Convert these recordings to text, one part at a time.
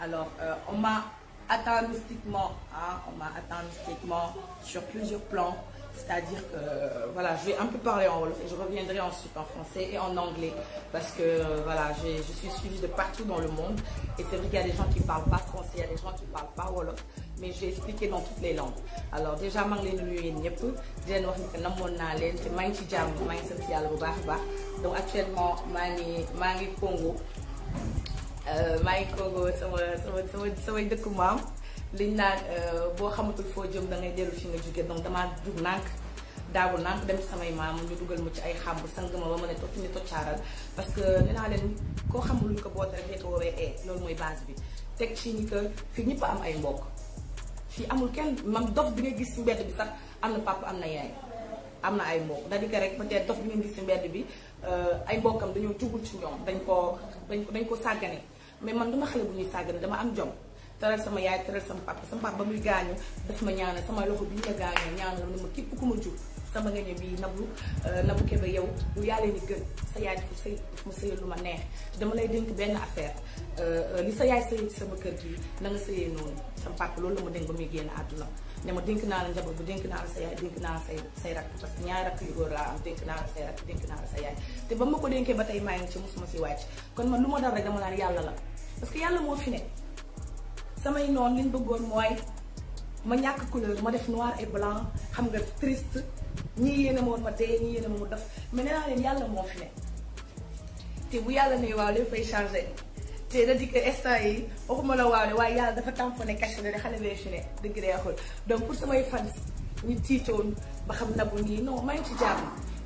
Alors, euh, on m'a atteint mystiquement, on m'a sur plusieurs plans. C'est-à-dire que, euh, voilà, je vais un peu parler en wolof et je reviendrai ensuite en français et en anglais. Parce que, euh, voilà, je suis suivie de partout dans le monde. Et c'est vrai qu'il y a des gens qui ne parlent pas français, il y a des gens qui ne parlent pas wolof. Mais je vais expliquer dans toutes les langues. Alors, déjà, je Je suis les langues, Je Donc, actuellement, je suis Euh, maa ngi koogoo sama sama sama samay dëkku maam liñ naan euh, boo xamatul foo jëm da ngay dellu fi nga jóge donc damaa dugg nànk daawu nànk dem samay maam ñu dugal ma ci ay xàmb sang ma ba ma ne toog ñu toccaaral parce que nee naa leen koo xamul luñ ko boote rek ko woowee ee eh, loolu mooy base bi teg ci ni que fii ñëpp am ay mbokk fii amul kenn mam dof bi nga gis ci mbedd bi sax am na papa am na yaay am na ay mbokk da di ko rek peut dof bi nga gis ci mbedd euh, mbokkam dañoo jugul ci ñoom dañ koo dañ ko dañ ko sàggane mais man duma xale bu ñuy sàggane dama am jom teral sama yaay teral muy gaañu daf ma ñaanal sama loxo bi ñu la gaañoo ñaanal na ma képp ku ma jur sama nga ñëw bii nabu euh, nabu kebe yow lu yàlla ni gën sa yaay dafa sëy dafa lu ma neex dama lay dénk benn affaire euh, euh, li sa yaay sëyee kër gi na nga sëyee noonu sama papa loolu la génn àdduna ne ma dénk naa la njaboot bu dénk naa naa la say say naa la say te ba ma ko dénkee ba tey maa ngi ci mosuma si wàcc kon man lu ma dal rek dama naan yàlla la parce que yalla mo fi nek samay non liñ bëggoon moy ma ñàkk couleur ma def noir et blanc xam nga triste ñi yéene mo ma dee ñi yéene mo def mais nee naa leen yàlla moo fi nek té bu yalla ne waaw lépp fay changé té da di que instant yi waxuma la waaw ne waaye yàlla dafa tamponé caché ne xale bee fi ne dëgg neexul donc pour samay fans ñu tiitoon ba xam na bu ni non maa ngi ci jàmm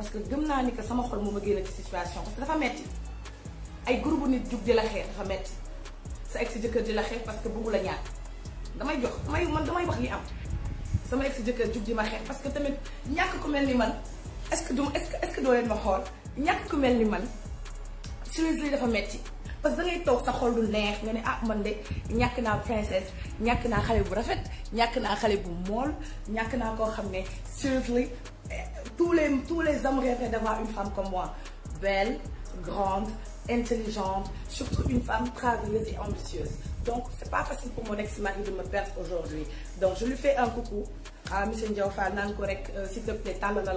parce que gëm naa ni que sama xol moo ma génn ci situation parce que dafa metti ay groupe nit juk di la xeex dafa metti sa ex jëkkeur di la xeex parce que bëggu la ñaan damay jox damay man damay wax li am sama ex jëkkeur juk di ma xeex parce que tamit ñak ku melni man est ce que du est ce que est ce que do leen ma xol ñak ku melni man ci li dafa metti parce que da ngay tok sa xol du neex nga ne ah man de ñak na princesse ñak na xalé bu rafet ñak na xalé bu mol ñak na ko xamné seriously tous les, tous les hommes rêvent d'avoir une femme comme moi. Belle, grande, intelligente, surtout une femme travailleuse et ambitieuse. Donc, c'est pas facile pour mon ex-mari de me perdre aujourd'hui. Donc, je lui fais un coucou. à ah, euh, s'il te plaît ma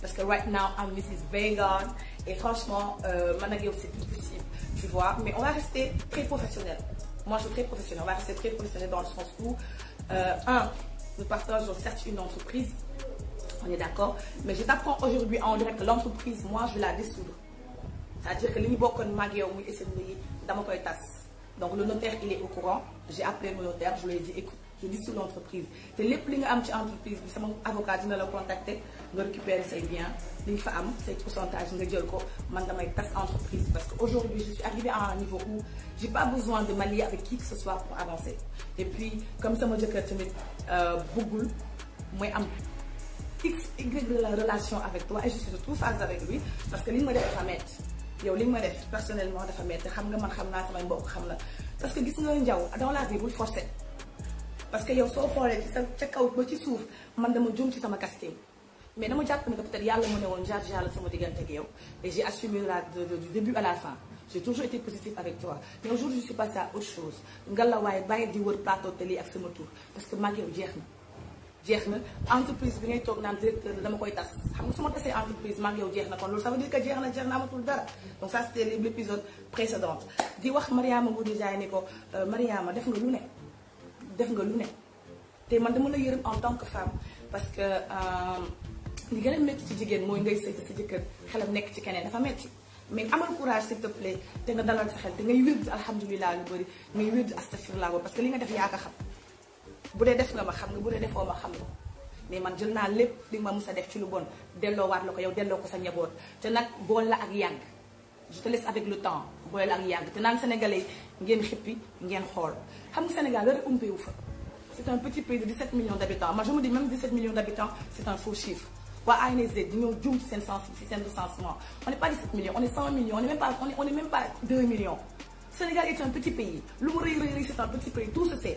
parce que right now I'm Mrs et franchement euh, c'est possible tu vois mais on va rester très professionnel moi je suis très professionnel on va rester très professionnel dans le sens où euh, un nous partageons certes une entreprise on est d'accord mais je t'apprends aujourd'hui en direct l'entreprise moi je la dissoudre c'est-à-dire que li ñu bokkoon mag yow muy SNB yi dama koy donc le notaire il est au courant j'ai appelé mon notaire je lui ai dit écoute je dissous l'entreprise C'est les plus nga am ci entreprise bi sama avocat dina le contacter nga récupérer ses biens les femmes fa am Je pourcentage nga jël ko man damay tasse entreprise parce qu'aujourd'hui je suis arrivée à un niveau où j'ai pas besoin de m'allier avec qui que ce soit pour avancer et puis comme sama jëkkër tamit euh, Google, moi, am X, Y de la relation avec toi et je suis de toute phase avec lui parce que li nga ma def C'est métti yow personnellement dafa métti xam nga man xam naa samay mbokk xam la parce que gis nga njaw dans la vie bul forcer parce que yow tu es ci sa ca kaw ba ci suuf man dama jum ci sama casting mais dama jàpp ne que peut-être yàlla mu ne woon jaar jaar la sama diggante yow et j'ai assumé la du début à la fin j'ai toujours été positive avec toi mais aujourd'hui je suis passée à autre chose Je la waaye faire di plateau de télé avec sama tour parce que je suis en mag yow jeex na jeex na entreprise bi ngay toog naan directeur la dama koy tas xam nga su ma tasee entreprise maa ngi yow jeex na kon loolu ça veut dire que jeex na jeex na amatul dara donc ça c'était l'épisode précédent di wax Mariama bu dijaay ni ko Mariama def nga lu ne def nga lu ne te man dama la yërëm en tant que femme parce que li gën a métti ci jigéen mooy ngay sëy sa jëkkër xelam nekk ci keneen dafa métti mais amal courage s'il te plaît te nga dalal sa xel te ngay wér alhamdulilah lu bëri ngay wér astafirlah parce que li nga def yaa ko xam bu dee def nga ma xam nga bu dee defoo ma xam nga mais man jël naa lépp li ma mës a def ci lu bon delloowaat la ko yow delloo ko sa njaboot te nag bool la ak yàgg je te laisse avec le temps bool ak yàgg te naan sénégalais ngeen xippi ngeen xool xam nga Sénégal dara wu fa. c'est un petit pays de 17 millions d'habitants Moi, je me dis même 17 millions d'habitants c'est un faux chiffre waa ANSD dañoo juum ci seen sens ci seen recensement on n'est pas 17 millions on est 100 millions on n'est même pas on est on est même pas 2 millions Sénégal est un petit pays lu mu rëy rëy rëy c'est un petit pays tout se sait.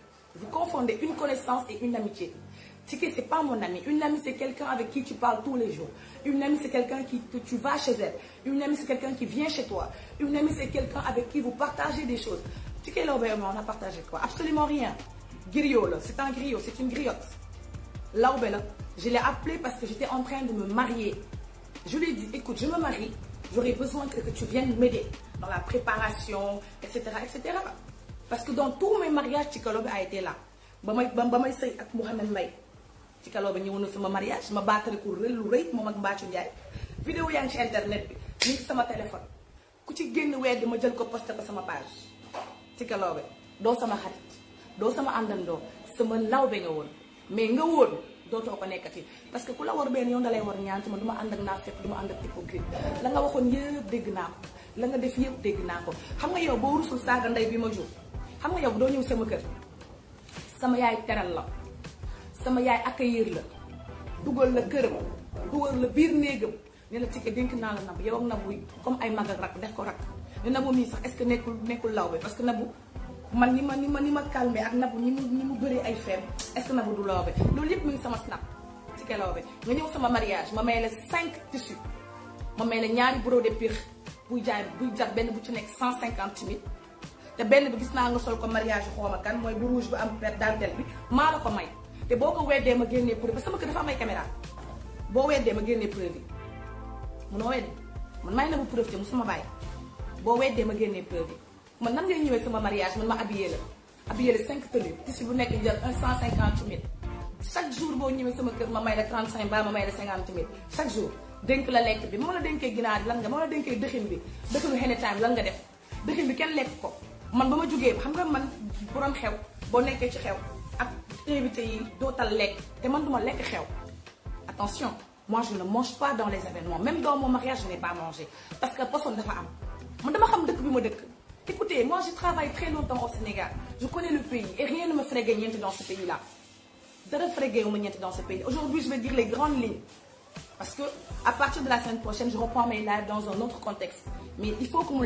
Vous confondez une connaissance et une amitié. Tiki, n'est pas mon ami. Une amie, c'est quelqu'un avec qui tu parles tous les jours. Une amie, c'est quelqu'un qui que tu vas chez elle. Une amie, c'est quelqu'un qui vient chez toi. Une amie, c'est quelqu'un avec qui vous partagez des choses. Tiki, là, on a partagé quoi Absolument rien. Griot, c'est un griot, c'est une griotte. Ben là, je l'ai appelé parce que j'étais en train de me marier. Je lui ai dit, écoute, je me marie. J'aurais besoin que, que tu viennes m'aider dans la préparation, etc., etc. parce que dans tous mes mariages Cikalo bi a été là ba may ba may sëy ak Mouhamed Mbaye Cikalo bi ñëw na sama mariage ma baatare ko rëy lu rëy moom ak Mbacu Ndiaye. vidéo yaa ngi ci internet bi ñu sama téléphone ku ci génn di ma jël ko posté ko sama page Cikalo bi doo sama xarit doo sama àndandoo sama lawbe nga woon mais nga woon. dootoo ko nekkati parce que ku la war benn yoon da lay war ñaan ci ma du ma ànd ak naa fekk du ma ànd ak hypocrite la nga waxoon yëpp dégg naa la nga def yëpp dégg naa ko xam nga yow boo rusul bi ma jur xam nga yow doo ñëw sama kër sama yaay teral la sama yaay ak yér la dugal la këram dugal la biir néegam ne la Tické dénk naa la Nabou yow ak wuy comme ay mag ak rak def ko rak ne Nabou mii sax est-ce que nekkul nekkul law bi parce que Nabou man ni ma ni ma ni ma calmé ak Nabou ni mu ni mu bëree ay feem est-ce que Nabou du law bi loolu yëpp mu ngi sama snap Tické law bi nga ñëw sama mariage ma may la cinq tissus ma may la ñaari brodé pire buy jaay buy jar benn bu ci nekk cent cinquante mille te benn bi gis naa nga sol ko mariage xooma kan mooy bu rouge bu am perte dentelle la ko may te boo ko weddee ma génnee preuve parce que sama kër dafa am ay caméra ma génnee preuve yi munoo weddi na bu preuve te mu sama bàyyi boo weddee ma génnee nan ngay ñëwee sama mariage man ma habillé la habillé la cinq tenues tissu bu nekk jël un cent jour boo ñëwee sama kër ma may la 35 ba ma may la 50 jour dénk lekk bi ma ma la ma ma la dénkee dëxin bi dëxinu xenetaan bi lan nga def dëxin bi kenn lekk ko man bama ma xam nga man borom xew bo ci xew ak yi man duma xew attention moi je ne mange pas dans les événements même dans mon mariage je n'ai pas mangé parce que personne dafa am man dama xam dëkk bi ma écoutez moi je travaille très longtemps au Sénégal je connais le pays et rien ne me ferait gagner dans ce pays là dara ne ma dans ce pays aujourd'hui je vais dire les grandes lignes parce que à partir de la semaine prochaine je reprends mes lives dans un autre contexte mais il faut que vous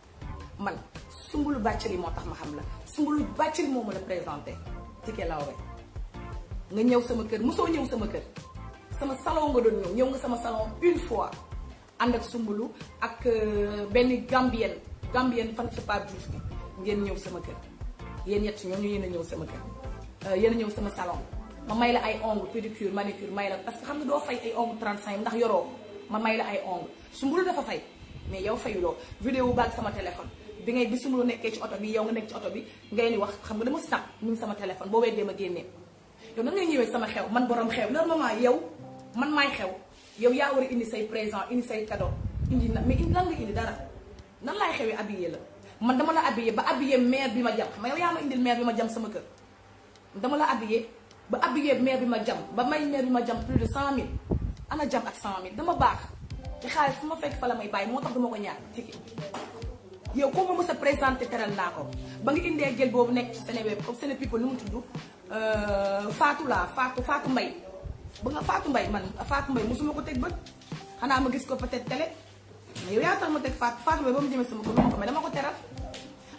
man Soumboulou Bathily moo tax ma xam la Soumboulou Bathily moo ma la présenté Tické Laobé nga ñëw sama kër musoo ñëw sama kër sama salon nga doon ñëw ñëw nga sama salon une fois ànd ak Soumboulou ak euh, benn Gambienne Gambienne fan sa Pape Diouf bi ngeen ñëw sama kër yéen ñett ñooñu yéen a ñëw sama kër euh, yéen ñëw sama salon ma may la ay ongle pédicure manicure may la parce que xam nga doo fay ay ongle 35 ndax yoroo ma may la ay ongle Soumboulou dafa fay mais yow fayuloo vidéo baag sama téléphone bi ngay bisumloo nekkee ci oto bi yow nga nekk ci oto bi ngay ni wax xam nga dama snap mu ngi sama téléphone boo weddee ma génnee yow nan ngay ñëwee sama xew man borom xew normalement yow man maay xew yow yaa war a indi say présent indi say cadeau indi na mais indi lan nga indi dara nan laay xewee habillé la man dama la habillé ba habillé maire bi ma jam xam nga yow yaa ma indil maire bi ma jam sama kër dama la habillé ba habillé maire bi ma jam ba may maire bi ma jam plus de 100000 ana jam ak 100000 dama baax te xaalis fu ma fekk fa la may bàyyi moo tax duma ko ñaar tike yow koo ma mës a présenté teral naa ko ba nga indee jël boobu nekk ci Seneweb comme Sene People nu mu tudd euh, Fatou laa Fatou Fatou mbay ba nga Fatou mbay man Fatou Mbaye mosuma ko teg bët xanaa ma gis ko peut-être télé yow yaa tax ma teg Fatou Fatou Mbaye ba mu jëmee sama ko lu ma ko may dama ko teral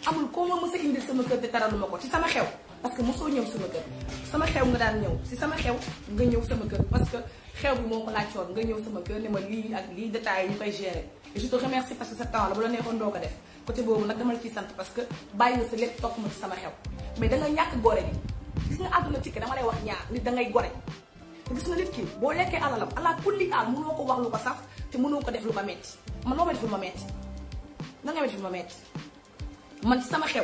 amul koo ma mës a indi sama kër te teraluma ko ci sama xew parce que mosoo ñëw sama kër sama xew nga daan ñëw si sama xew nga ñëw sama kër parce que xew bi moo ko laajoon nga ñëw sama kër ne ma lii ak lii détails yi ñu koy gérer et je te remercie parce que sa temps la bu la neexoon doo ko def côté boobu nag dama la ciy sant parce que bàyyi nga sa lépp topp ma ci sama xew mais da nga ñàkk gore bi gis nga àdduna tikk dama lay wax ñaar nit dangay ngay gore te gis nga nit ki boo lekkee alalam ala kulli aal mënoo ko wax lu ko saf te mënoo ko def lu ko metti man loo ma def lu ma ma def sama xew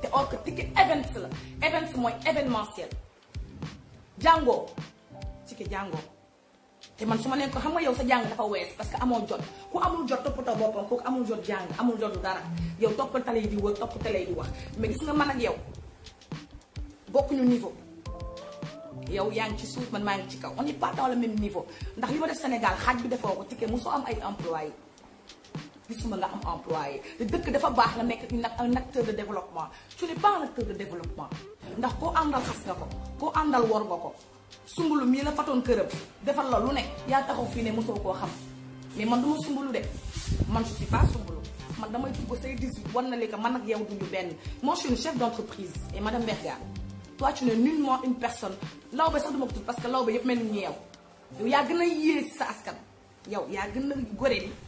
te or que ticket event la event mooy événementiel jàngoo ticket jàngoo te man su ma ne ko xam nga yow sa jàng dafa wees parce que amoo jot ku amul jot toppatoo boppam kooku amul jot jàng amul jotu dara yow toppal tale yi di wër topp tale di wax mais gis nga man ak yow bokkuñu niveau yow yaa ngi ci suuf man maa ngi ci kaw on n'est pas dans le même niveau ndax li ma def Sénégal xaaj bi defoo ko ticket mosoo am ay employés gisuma nga am employé Le dëkk dafa bax la nek un acteur de développement tu n'es pas un acteur de développement ndax ko andal xass nga ko ko andal wor nga ko sumbulu mi la fatone keureup defal la lu nek ya taxaw fi ne mosoo ko xam mais man duma sumbulu de man je suis pas sumbulu man damay dugg say dis war na léegi man ak yow duñu ben moi je suis une chef d'entreprise et madame Berga toi tu n'es nullement une personne lawbe sax duma ko tudd parce que lawbe yëpp mel ni ñu yow yow yaa gën a sa askan yow ya gën a góore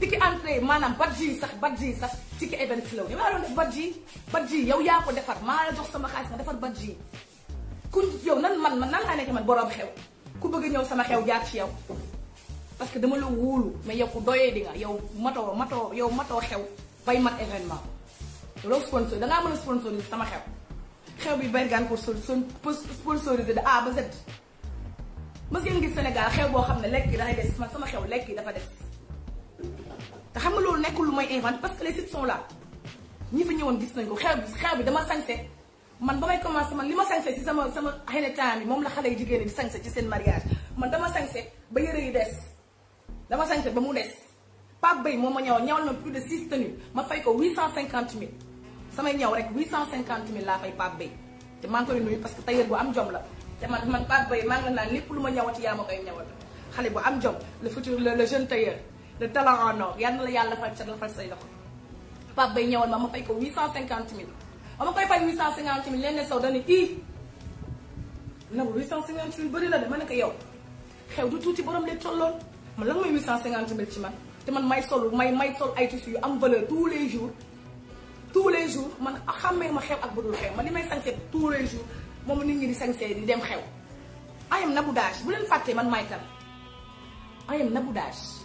tiki entrée maanaam badge ji sax badge yi sax tiki event si la woon yow yaa doon def ji yi badge yow yaa ko defar maa la jox sama xaalis ma defar badge yi ku yow nan man man nan laa nekk man borom xew ku bëgg ñëw sama xew jaar ci yow parce que dama la wóolu mais yow ku doyee di yow mato matoo yow matoo xew bay mat événement loo sponsor dangaa mën a sama xew xew bi Bergane pour sponsoriser de A ba Z mës ngeen xew boo xam ne lekk yi dafay sama xew lekk yi dafa def Je xam nga pas ce que inventé parce que les sites sont là ni fa ñëwoon gis nañ ko xew dama sañse man ba may commencé man li ma ci sama sama c'est na la ci s'en mariage man dama sañse ba yëre yi des dama sañse ba mu Bay ma ñëwoon plus de six tenues ma fay ko huit cent cinquante mille 850 rek huit cent cinquante mille fay Pape Bay te parce que tailleur bu am jom la te man man Pape Bay maa ngi naan lépp lu le futur le jeune tailleur. de talent en or yal na la yàlla fay ca la fay say loxo Pape Baye ñëwal ma ma fay ko 850000 ba ma koy fay 850000 lenn saw dana ii nagu 850000 bëri la de ma ne ko yow xew du tuuti borom lay tolloon man lan mooy 850000 ci man te man may sol may may sol ay tissus yu am valeur tous les jours tous les jours man xàmmee ma xew ak budul xew man li may sañse tous les jours moom nit ñi di sañse di dem xew ayam Nabou Dash bu leen fàttee man may kan ayam Nabou Dash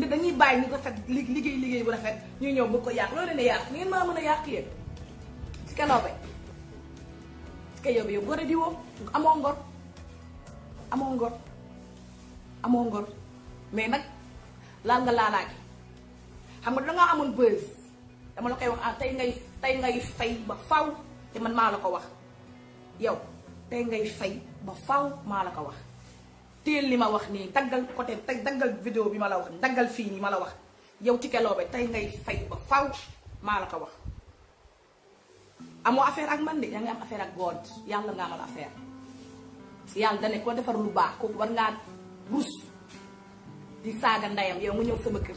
nit dañuy bàyyi ñu ko fekk liggéey liggéey bu rafet ñu ñëw bëgg ko yàq loolu leen a yàq ngeen maa mën a yàq yéen si ka loobe si ka yow bi yow gore di woo amoo ngor amoo ngor amoo ngor mais nag laal nga laalaaki xam nga dangaa amoon buzz dama la koy wax ah tey ngay tey ngay fay ba faw te man maa la ko wax yow tey ngay fay ba faw maa la ko wax téel li ma wax ni daggal côté tey daggal vidéo bi ma la wax daggal fi ni ma la wax yow Tické Laobé tay ngay fay ba faw ma la ko wax amo affaire ak man de yaa am affaire ak God yalla nga amal affaire yàlla da ne ko defar lu baax ko war nga rus di saga ndayam yow nga ñew sama kër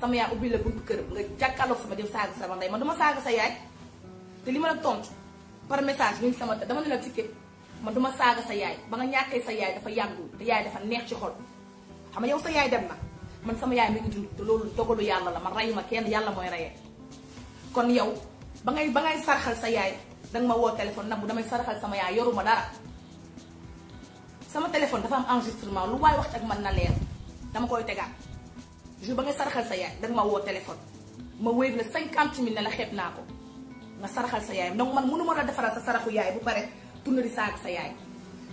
sama ya ubbi la buntu kër nga jakkalo sama dem saga sama nday man duma saga sa yaay te li ma la tontu par message ñu sama dama ne la Tické man duma saga sa yaay ba nga ñàkkee sa yaay dafa yàggul te yaay dafa neex ci xol xam nga yow sa yaay dem na man sama yaay mi ngi dund te lolu togolu yàlla la man rayuma kenn yàlla moy rayé kon yow ba ngay ba ngay saraxal sa yaay danga ma wo téléphone nag damay saraxal sama yaay yoruma dara sama téléphone dafa am enregistrement lu way wax ak man na leer dama koy tegaat jour ba ngay saraxal sa yaay danga ma wo téléphone ma wéeg la cinquante mille la xépp nako ko nga saraxal sa yaay nak man munu mënuma la defaral sa saraxu yaay bu pare tourné di saaga sa yaay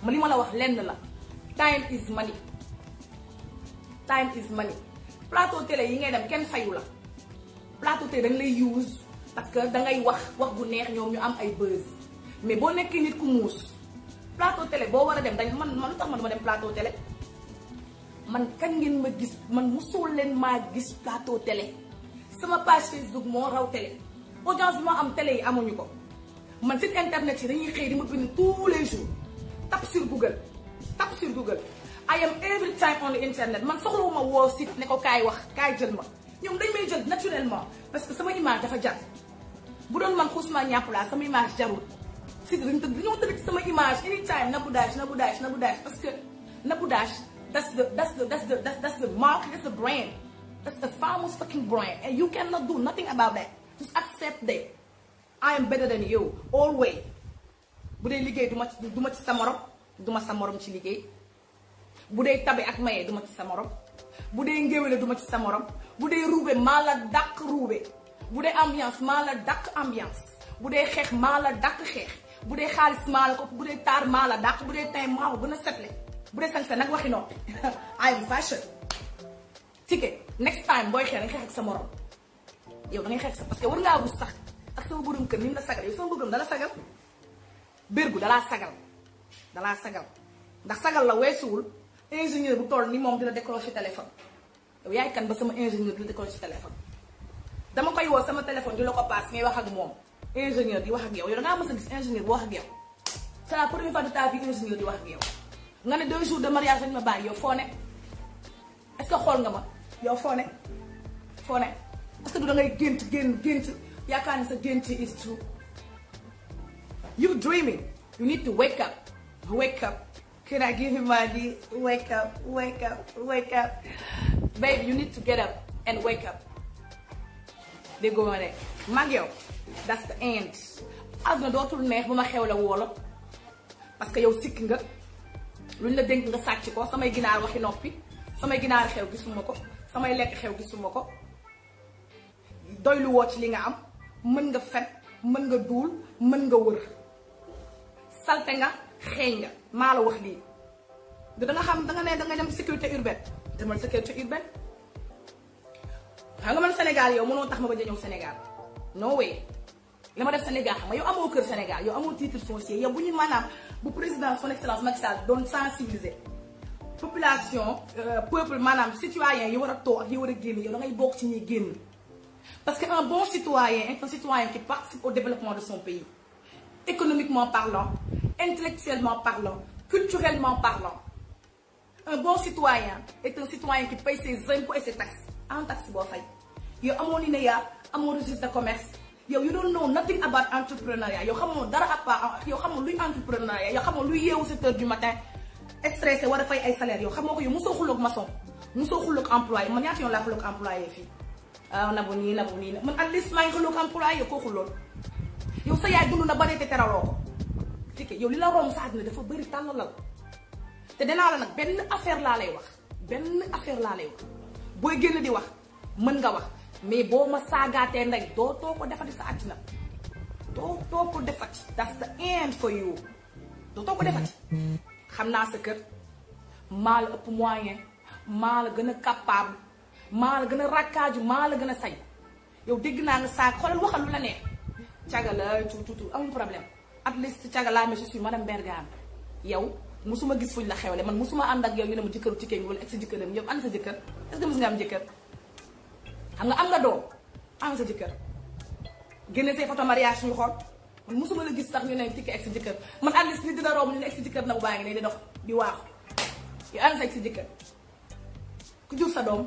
ma li ma la wax lenn la time is money time is money plateau télé yi ngay dem kenn fayu la plateau télé dañ lay use parce que dangay wax wax gu neex ñoom ñu am ay buzz mais boo nekkee nit ku muus plateau télé boo war a dem dañ man man lu tax man duma dem plateau télé man kañ ngeen ma gis man mosoo leen maa gis plateau télé sama page Facebook moo raw télé audience bi ma am télé yi amuñu ko man site internet yi dañuy xëy di ma bind tous les jours tap sur Google tap sur Google I am every time on the internet man soxlawuma woo site ne ko kaay wax kaay jël ma ñoom dañ may jël naturellement parce que sama image dafa jar bu doon man Ousmane Niang laa sama image jarul site dañu tëdd dañoo tëdd sama image anytime Nabou Dash Nabou Dash Nabou Dash parce que Nabou Dash that's the that's the that's the that's the mark that's the brand that's the famous fucking I am better than you always bu dee liggéey du ma ci du ma sa morom duma sa moroom ci liggéey bu dee tabe ak maye du ma ci sa morom bu dee ngéwéle duma ci sa morom bu dee ruube maa la dàq ruube bu dee ambiance maa la dàq ambiance bu dee xeex maa la dàq xeex bu dee xaalis maa la ko bu dee taar maa la dàq bu dee tey maa ko gën a setle bu dee sañ sa nag waxi noppi I am fashion ticket next time booy xeex da xeex ak sa morom yow da ngay xeex sa parce que war ngaa ak sama borom kër ni mu la sagal yow sama borom dala sagal bergu dalaa sagal dalaa sagal ndax sagal la weesuwul ingénieur bu toll ni moom dina décroché téléphone yow yaay kan ba sama ingénieur dina ci téléphone dama koy woo sama téléphone di la ko paas ngay wax ak moom ingénieur di wax ak yow yow dangaa mës a gis ingénieur bu wax ak yow c'est la première fois de ta vie ingénieur di wax ak yow nga ne deux jours de mariage dañ ma bàyyi yow foo ne est ma yow foo ne foo ne est Yakan Sagenti is true. You dreaming. You need to wake up. Wake up. Can I give you money? Wake up, wake up, wake up. Babe, you need to get up and wake up. They go on it. Magio, that's the end. As na dootul neex bu ma xew la woo la parce que yow sikk nga luñ la dénk nga sàcc ko samay ginaar waxi noppi samay ginaar xew gisuma ko are gonna gisuma ko doylu woo ci li nga am mën nga fet mën nga dul mën nga wër salté nga xéñ nga ma la wax li du da nga xam da nga né da nga dem sécurité urbaine demal sécurité urbaine xam man sénégal yow mëno tax ma ñëw sénégal no way lama def sénégal xam yow amo kër sénégal yow amo titre foncier yow bu manam bu président son excellence Macky Sall don sensibiliser population euh, peuple manam citoyen yi wara to ak yi wara a génn yow da ngay bok ci ñi génn Parce qu'un bon citoyen est un citoyen qui participe au développement de son pays. Économiquement parlant, intellectuellement parlant, culturellement parlant. Un bon citoyen est un citoyen qui paye ses impôts et ses taxes. En taxe, il y a un INEA, un registre de commerce. You don't know nothing about entrepreneuriat. You don't know l'entrepreneuriat. You don't know à 7 heures du matin. Stressé, il faut faire un salaire. You don't know pas you don't know employé. Je ne sais pas employé. ah nabu nii nabu nii man at least maa ngi xuloo am pour ay kooku lool yow sa yaay dund na bare te teraloo ko tikke yow li la romb sa àddina dafa masaga tànn la te danaa la nag benn affaire laa lay wax affaire lay wax di wax nga wax mais ma ko defati sa àddina doo too ko defati that's the end for you Do too ko defati xam naa sa kër maa moyen mal la capable mal gëna gën a rakkaaju maa la say yow dégg na nga sa xolal waxal lu la neex caga la tu tu amul problème at least caga laa mais je suis madame Bergane yow musuma gis fuñ la xewle man musuma ànd ak yow ñu ne mu jëkkëru ci kéñ wala ak sa jëkkëram yow ànd sa jëkkër est-ce que mus nga am jëkkër xam nga am nga do am sa jëkkër gëna sey photo mariage ñu xor man musuma la gis sax ñu ne tikkee ak sa jëkkër man at least ni dina rom ñu ne ak sa jëkkër na bu baangi ne di dox di waax yow ànd sa ak sa jëkkër ku jur sa dom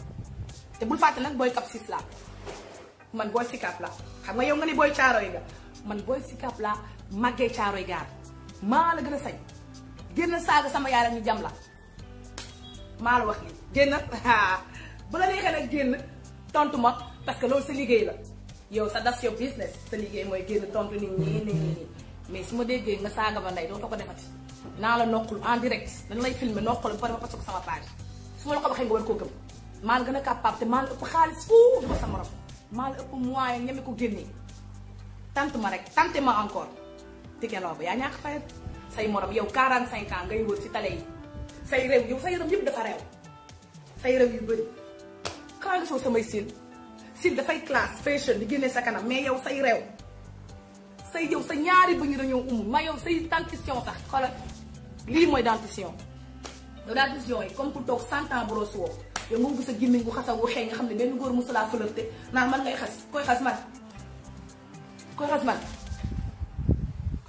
te bul faté nak boy cap six la man boy sikap la xam nga yow nga ni boy charoy ga man boy sikap la màggee charoy gaar ma la gëna sañ génn saga sama yaara ñu jam la ma la wax ni génn bu la nexé nak génn tontu ma parce que lool sa liggéey la yow sa das yow business sa liggéey moy génn tontu nit ñi nii nii mais suma déggé déggee nga saaga ma ndey dootoo ko defati na la nokul en direct dañ lay filmer nokul ba ma sama page suma ma la ko waxee nga war ko gëm maa la gën a capable te maa ëpp xaalis fuuf ba sa morom maa la ëpp moyen ñeme ko génne tant ma rek tant ma encore tikeloo ba yaa ñàkk fayal say morom yow 45 ans ngay wër ci tale yi say réew yow say réew yëpp dafa réew yu bëri xanaa nga soo samay sil sil dafay classe fashion di génne sa kanam mais yow say réew say yow sa ñaari bëñ dañoo umul ma yow say dentition sax xoolal lii mooy dentition yow dentition yi comme ku toog 100 ans brosse yow nga bëgg sa gémmiñ xam ne benn góor mosulaa fëlante naan man ngay xas koy xas man koy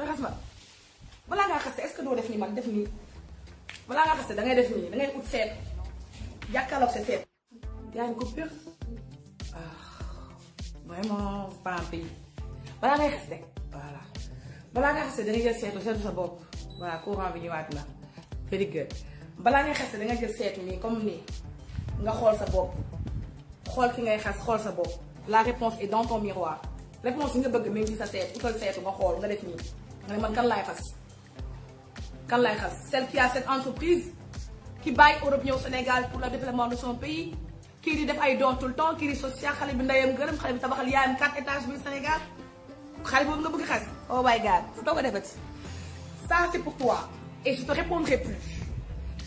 xas balaa def ni man def nii da ngay def nii da ngay sa seet. gaañ ko pire ah, vraiment pas bi balaa ngay xase voilà balaa ngay xase da jël seetu sa bopp voilà courant bi ñëwaat na. pédicure balaa ngay xase da jël seetu nii comme nii. nga xool sa bopp xool ki ngay xas xool sa bopp la réponse est dans ton miroir réponse yi nga bëgg mi ngi ci sa seet utal seetu nga xool nga def nii nga ne man kan laay xas kan laay xas celle qui a cette entreprise qui bàyyi Europe ñëw Sénégal pour le développement de son pays kii di def ay don tout qui temps kii di social xale bi ndeyam gërëm xale bi tabaxal yaayam quatre étages biir Sénégal xale boobu nga bëgg xas oh my God doo ko defati ça c'est pour toi et je te répondrai plus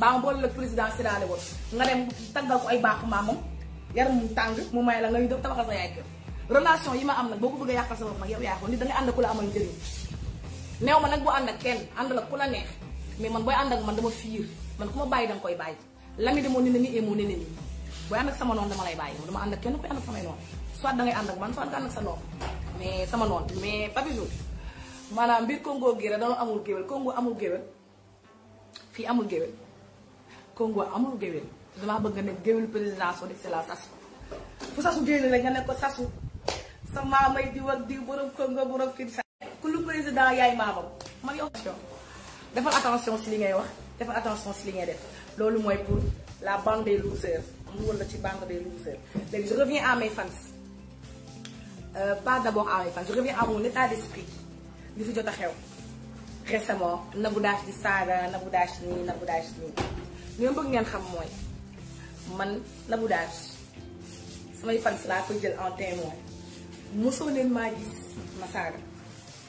baa ma boole la président Sédane woon nga dem tàggal ko ay baaxu maamam yaram mu tàng mu may la nga ñu def tabaxal sa yaay kër relation yi ma am nag boo ko bëggee yàqal sa bopp nag yow yaa ko nit da ànd ak ku la amal njëriñ néew ma nag bu ànd ak kenn ànd la ku la neex mais man booy ànd ak man dama fiir man ku bàyyi danga koy bàyyi lami de moo ne ne nii et moo ne ne nii booy ànd ak sama noonu dama lay bàyyi dama ànd ak kenn koy ànd ak samay noonu soit dangay ànd ak man soit nga ànd ak sa noonu mais sama noon mais Papi Jour maanaam mbir Congo gi rek amul géwél Congo amul géwél fii amul géwél Congo amul géwél damaa bëgg nga ne géwél président son excellence sasu fu sasu géwél la nga ne ko sasu sa maamay di wak di borom Congo borom kii sa ku lu président yaay ma yo yow defal attention si li ngay wax defal attention si li ngay def lolu moy pour la bande des losers mu la ci bande des losers léegi je reviens à mes fans euh, pas d'abord à mes fans je reviens à mon état d'esprit li fi je a xew récemment Nabou Dash di saaga Nabou Dash nii Nabou li ma bëgg ngeen xam mooy man Nabou Dash samay fans laa koy jël en témoin mosoo leen maa gis ma saaga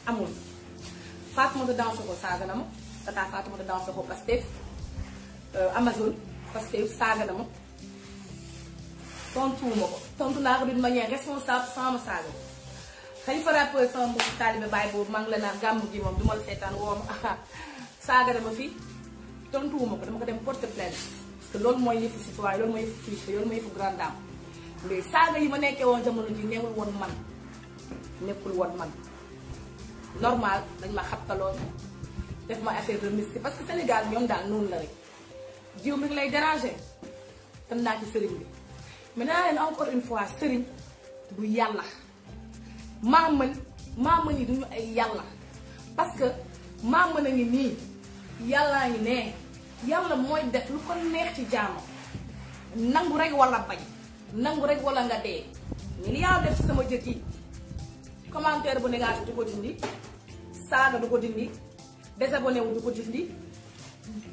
amul Fatoumata Dansogo saaga na ma tata Fatoumata Dansogo Pastef euh, Amazon Pastef saaga na ma tontuwuma ko tontu naa ko d'une manière responsable sans ma saaga Khalifa rappeur sama mbokk taalibe baay boobu maa ngi la naan gàmm gi moom du ma la seetaan woo ma saaga na ma fii tontuwuma ko dama ko dem porte plainte parce que loolu mooy yëfu citoyen loolu mooy yëfu kilifa loolu mooy yëfu grande dame saaga yi ma nekkee woon jamono ji neewul woon man nekkul woon man normal dañ ma xabtaloon def ma affaire de parce que Sénégal ñoom daal noonu la rek jiw mi ngi lay déranger tam naa ci sëriñ bi mais naa leen encore une fois sëriñ du yàlla maa mën maa mën yi duñu ay yàlla parce que maa mën a ngi nii yàllaa ngi nee yàlla mooy def lu ko neex ci jaamo nangu rek wala bañ nangu rek wala nga dee ni li yàlla def ci sama jëkk yi commentaire bu négatif du ko dindi saaga du ko dindi désabonné wu du ko dindi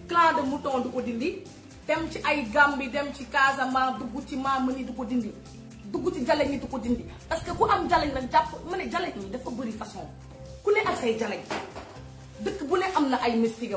clan de mouton du ko dindi dem ci ay Gambie dem ci Casamance dugg ci maam ni du ko dindi dugg ci jaleñ ñi du ko dindi parce que ku am jaleñ rek jàpp ma ne jaleñ dafa bëri façon ku ne ak say jaleñ dëkk bu ne am na ay mystique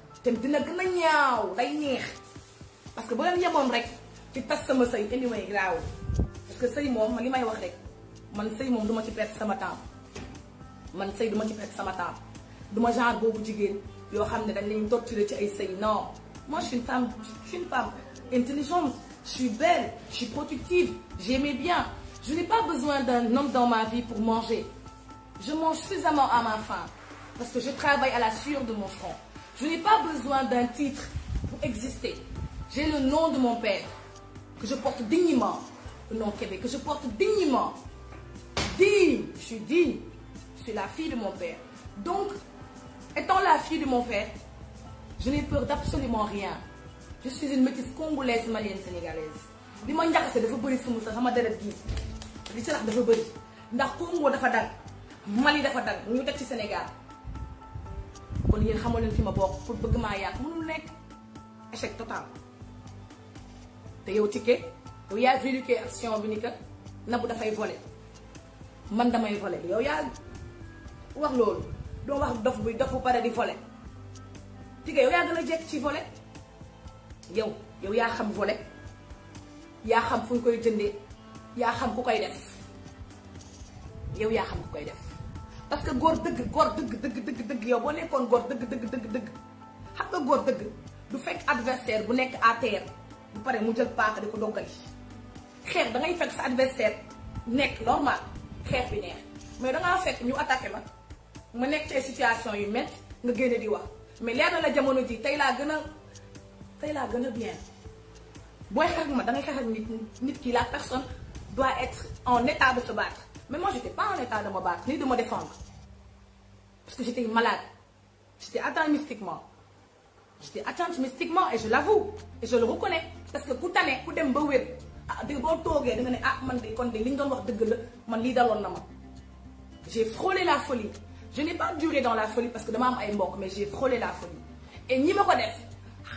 te dina gën day neex parce que boo leen yemoon rek ci tas sama sëy te li may parce que sëy moom man li may wax rek man sëy moom duma ci perte sama temps man sëy duma ci perte sama temps duma genre boobu jigéen yoo xam ne dañ leen torturer ci ay sëy non moi je suis une femme je suis une femme intelligente je suis belle je suis productive j'aimais bien je n'ai pas besoin d'un homme dans ma vie pour manger je mange suffisamment à ma faim parce que je travaille à la sueur de mon front je n'ai pas besoin d'un titre pour exister. J'ai le nom de mon père, que je porte dignement, le nom Québec, que je porte dignement. Digne, je suis digne. Je suis la fille de mon père. Donc, étant la fille de mon père, je n'ai peur d'absolument rien. Je suis une métisse congolaise, malienne, sénégalaise. kon yéen xamoo leen fi ma bokk pour bëgg maa yàq mënul nekk échec total te yow Tické yow yaa véhiculé action bi ni que Nabou dafay volé man damay volé yow yaa wax loolu doo wax dof bi dof bu pare di volé Tické yow yaa gën jekk ci volé yow yow yaa xam volé yaa xam fu ñu koy jëndee yaa xam ku koy def yow yaa xam ku koy def. parce que gor deug gor deug deug deug deug yow bo nekkone gor deug deug deug deug xam nga gor deug du fekk adversaire bu nekk à terre bu paré mu jël paaka diko dogal doggali da ngay fekk sa adversaire nekk normal xeex bi neex mais da nga fekk ñu attaquer ma mu nekk ci situation yu met nga gëna di wax mais leer la jamono ji tay la gëna tay la gëna bien boy xeex ma da ngay xeex nit nit ki la personne doit être en état de se battre. Mais moi, je n'étais pas en état de me battre, ni de me défendre. Parce que j'étais malade. J'étais atteinte mystiquement. J'étais atteinte mystiquement et je l'avoue. Et je le reconnais. Parce que tout à quand tu es un j'ai frôlé la folie. Je n'ai pas duré dans la folie parce que demain, je morte. mais j'ai frôlé la folie. Et ni me connaissent,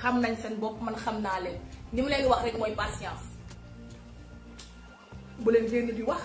xam nañ seen bopp man xam naa leen ni mu leen wax rek mooy patience bu leen génn di wax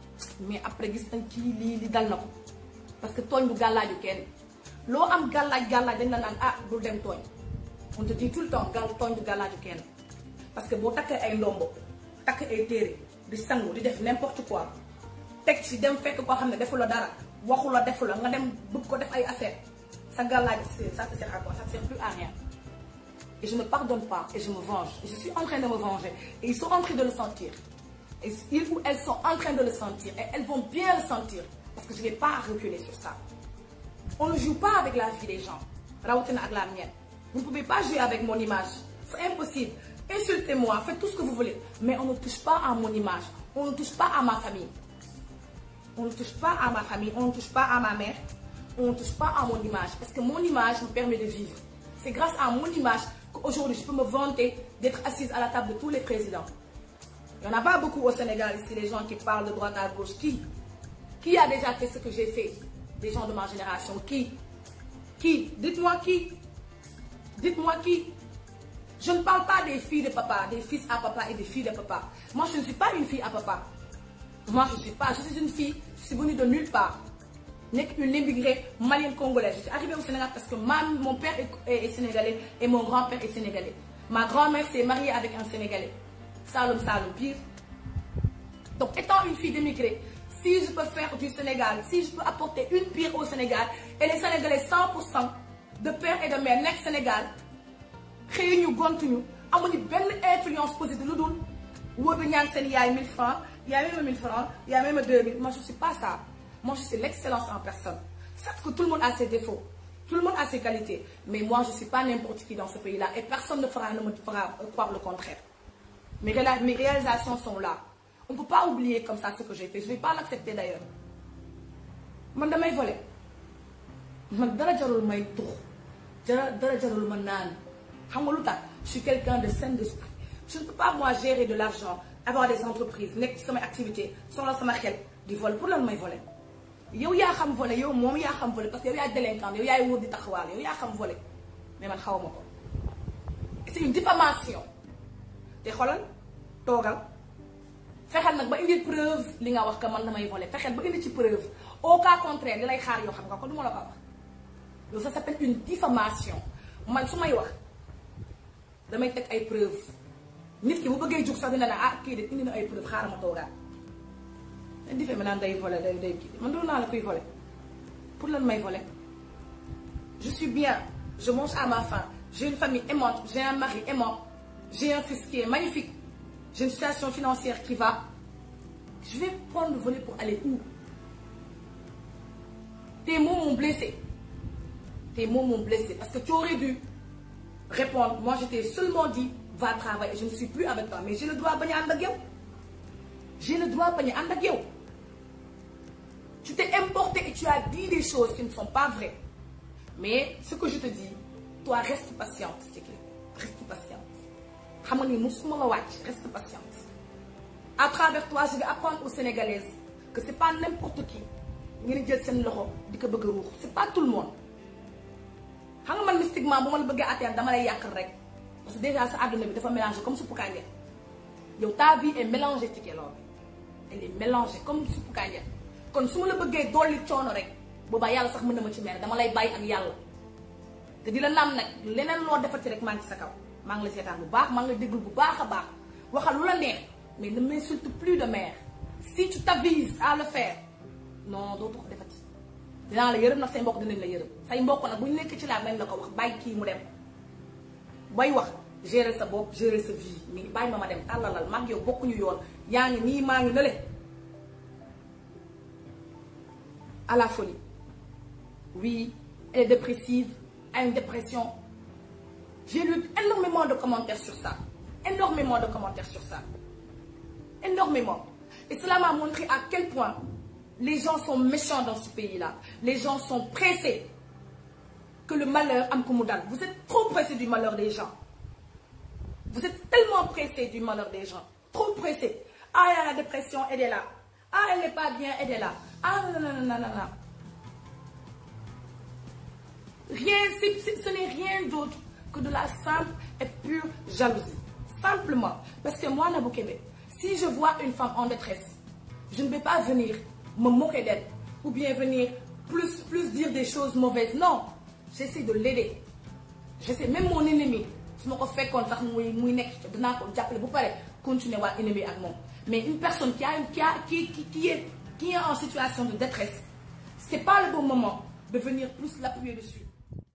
mais après gis nañ kii lii li dal parce que tooñ bu gàllaaju ken, loo am gàllaaj gàllaaj dañ la nan ah bul dem tooñ on te dit tout le temps gal, tooñ bu gàllaaju ken, parce que bo takay ay ndombo takk ay téere di sangu di def n'importe quoi tek ci dem fekk ko xamne defu la dara waxu la defu la nga dem bëgg ko def ay affaire sa gàllaaj ça sa sert sa ça sert plus à rien et je ne pardonne pas et je me venge et je suis en train de me venger et ils sont en train de le sentir ils elles sont en train de le sentir. Et elles vont bien le sentir. Parce que je ne vais pas reculer sur ça. On ne joue pas avec la vie des gens. Vous ne pouvez pas jouer avec mon image. C'est impossible. Insultez-moi, faites tout ce que vous voulez. Mais on ne touche pas à mon image. On ne touche pas à ma famille. On ne touche pas à ma famille. On ne touche pas à ma mère. On ne touche pas à mon image. Parce que mon image me permet de vivre. C'est grâce à mon image qu'aujourd'hui, je peux me vanter d'être assise à la table de tous les présidents. Il n'y en a pas beaucoup au Sénégal ici, les gens qui parlent de droite à gauche. Qui Qui a déjà fait ce que j'ai fait Des gens de ma génération. Qui Qui Dites-moi qui Dites-moi qui Je ne parle pas des filles de papa, des fils à papa et des filles de papa. Moi, je ne suis pas une fille à papa. Moi, je ne suis pas. Je suis une fille. Je suis venue de nulle part. N'est qu'une immigrée malienne congolaise. Je suis arrivée au Sénégal parce que mon père est sénégalais et mon grand-père est sénégalais. Ma grand-mère s'est mariée avec un Sénégalais. Salom, salom, pire. Donc étant une fille d'émigrée, si je peux faire du Sénégal, si je peux apporter une pire au Sénégal, et les Sénégalais 100% de père et de mère nekk Sénégal réunis ñu gontu ñu amuñu belle influence positive nous dul wóor Il ñaan a 1000 francs a même 1000 francs il y a même 2000 moi je suis pas ça moi je suis l'excellence en personne certes que tout le monde a ses défauts tout le monde a ses qualités mais moi je suis pas n'importe qui dans ce pays là et personne ne fera ne me fera croire le contraire mes, réalisations sont là. On ne peut pas oublier comme ça ce que j'ai fait. Je ne vais pas l'accepter d'ailleurs. man damay volé man dara jarul may tux dara dara jarul ma naan xam nga lu je suis quelqu'un de sain d'esprit je ne peux pas moi gérer de l'argent avoir des entreprises nekk ci samay activité soxla sama xel di vol pour lan may volé yow yaa xam volé yow moom yaa xam volé parce que yow yaay délinquant yow yaay wóor di taxawaal yow yaa xam volé mais man xaw ma ko c'est une diffamation te xolal togal fexeel nak ba indi preuve li nga wax que man damay voler fexeel ba indi ci preuve au cas contraire li lay xaar yo xam nga ko duma la ko wax loolu ça s'appelle une diffamation man sumay wax damay tek ay preuve nit ki bu bëggee jug sax dina ne ah ki de indi na ay preuve xaaral ma toogaat dañ di naan day voler day day ki man do na la kuy voler pour lan may voler je suis bien je mange à ma faim j'ai une famille aimante j'ai un mari aimant j'ai un fils qui est magnifique. J'ai une situation financière qui va. Je vais prendre le volet pour aller où Tes mots m'ont blessé. Tes mots m'ont blessé. Parce que tu aurais dû répondre. Moi, je t'ai seulement dit, va travailler. Je ne suis plus avec toi. Mais j'ai le droit à venir à J'ai le droit à venir à Tu t'es importé et tu as dit des choses qui ne sont pas vraies. Mais ce que je te dis, toi, reste patiente, Reste patiente. xam musuma la wacc reste patient à travers toi je vais apprendre aux sénégalaises que c'est pas n'importe qui ñu jël seen loxo di ko bëgg ruux c'est pas tout le monde xam nga man mystique bu ma la bëgg atteindre dama lay yàqal rek parce que déjà sa aduna bi dafa mélanger comme soupe kànja yow ta vie est mélangée ci kélo elle est mélangée comme soupe kànja kon suma la bëggé doli choono rek bu ba yalla sax mëna ma ci mère dama lay bay ak yalla te di la naam nag leneen loo defati rek maa ngi sa kaw maa ngi la seetaan bu baax maa ngi la déglu bu baaxa baax waxal lu la neex mais ne m'insulte plus de mère si tu t'avises à le faire non doo ko defati dinaa la yërëm nag say mbokk dinañ la yërëm say mbokk nak buñu ñu nekk ci laa nañ la ko wax bay ki mu dem bay wax gérer sa bop gérer sa vie mais bay ma ma dem tàllalal mag yow ñu yoon yaa ni nii maa à la folie oui elle est dépressive a une dépression j'ai lu énormément de commentaires sur ça. Énormément de commentaires sur ça. Énormément. Et cela m'a montré à quel point les gens sont méchants dans ce pays-là. Les gens sont pressés que le malheur amkoumoudal. Vous êtes trop pressés du malheur des gens. Vous êtes tellement pressés du malheur des gens. Trop pressés. Ah, a la dépression, elle est là. Ah, elle n'est pas bien, elle est là. Ah, non, non, non, non, non. Rien, ce n'est rien d'autre que de la simple et pure jalousie. Simplement. Parce que moi, Nabou si je vois une femme en détresse, je ne vais pas venir me moquer d'elle ou bien venir plus, plus dire des choses mauvaises. Non, j'essaie de l'aider. J'essaie, même mon ennemi, je me refais contre parlez, continuer à ennemi avec moi. Mais une personne qui, a, qui, a, qui, qui, qui, est, qui est en situation de détresse, ce n'est pas le bon moment de venir plus l'appuyer dessus.